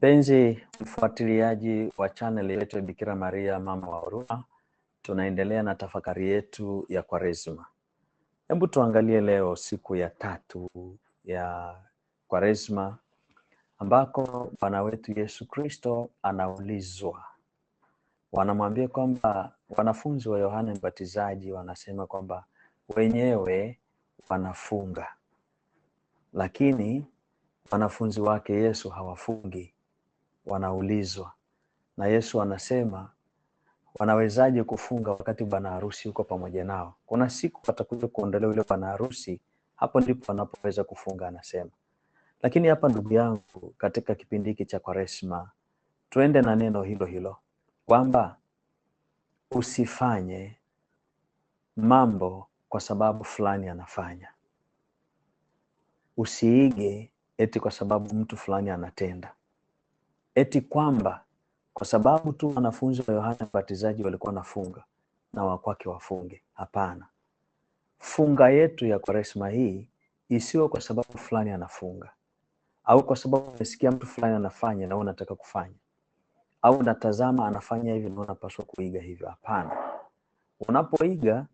Mpenzi mfuatiliaji wa chaneli yetu ya Bikira Maria Mama wa Huruma, tunaendelea na tafakari yetu ya kwarezma Hebu tuangalie leo siku ya tatu ya kwarezma ambako Bwana wetu Yesu Kristo anaulizwa, wanamwambia kwamba wanafunzi wa Yohane Mbatizaji wanasema kwamba wenyewe wanafunga lakini wanafunzi wake Yesu hawafungi wanaulizwa, na Yesu anasema wanawezaje kufunga wakati bwana harusi yuko pamoja nao? Kuna siku watakuja kuondolewa yule bwana harusi, hapo ndipo wanapoweza kufunga, anasema. Lakini hapa, ndugu yangu, katika kipindi hiki cha Kwaresma tuende na neno hilo hilo kwamba usifanye mambo kwa sababu fulani anafanya, usiige eti kwa sababu mtu fulani anatenda eti kwamba kwa sababu tu wanafunzi wa Yohana Mbatizaji walikuwa nafunga na wakwake wafunge. Hapana, funga yetu ya Kwaresma hii isiwe kwa sababu fulani anafunga au kwa sababu umesikia mtu fulani anafanya na unataka kufanya au unatazama anafanya hivi na unapaswa kuiga hivyo. Hapana, unapoiga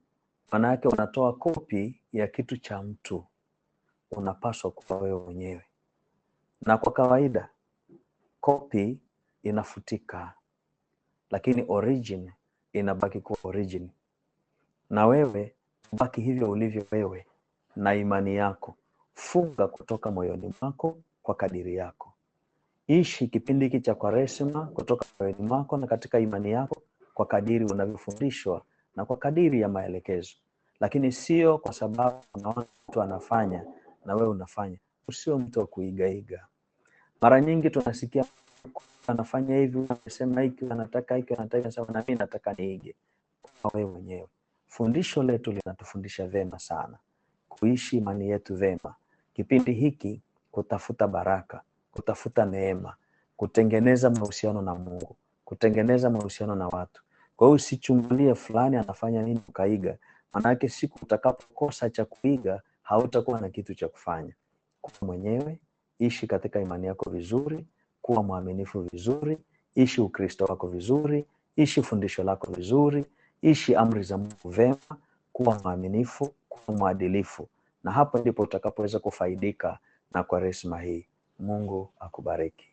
maana yake unatoa kopi ya kitu cha mtu, unapaswa kuwa wewe mwenyewe. Na kwa kawaida copy inafutika, lakini origin inabaki kuwa origin, na wewe baki hivyo ulivyo wewe na imani yako. Funga kutoka moyoni mwako kwa kadiri yako. Ishi kipindi hiki cha Kwaresma kutoka moyoni mwako na katika imani yako kwa kadiri unavyofundishwa na kwa kadiri ya maelekezo, lakini sio kwa sababu unaona mtu anafanya na wewe unafanya. Usio mtu wa kuigaiga. Mara nyingi tunasikia anafanya hivi, anasema hiki, anataka hiki, anataka sawa, na mimi nataka niige. Kwa wewe mwenyewe, fundisho letu linatufundisha vema sana kuishi imani yetu vema, kipindi hiki kutafuta baraka, kutafuta neema, kutengeneza mahusiano na Mungu, kutengeneza mahusiano na watu. Kwa hiyo usichungulie fulani anafanya nini ukaiga, maanake siku utakapokosa cha kuiga hautakuwa na kitu cha kufanya kwa mwenyewe ishi katika imani yako vizuri, kuwa mwaminifu vizuri, ishi Ukristo wako vizuri, ishi fundisho lako vizuri, ishi amri za Mungu vema, kuwa mwaminifu, kuwa mwadilifu, na hapo ndipo utakapoweza kufaidika na kwa resima hii. Mungu akubariki.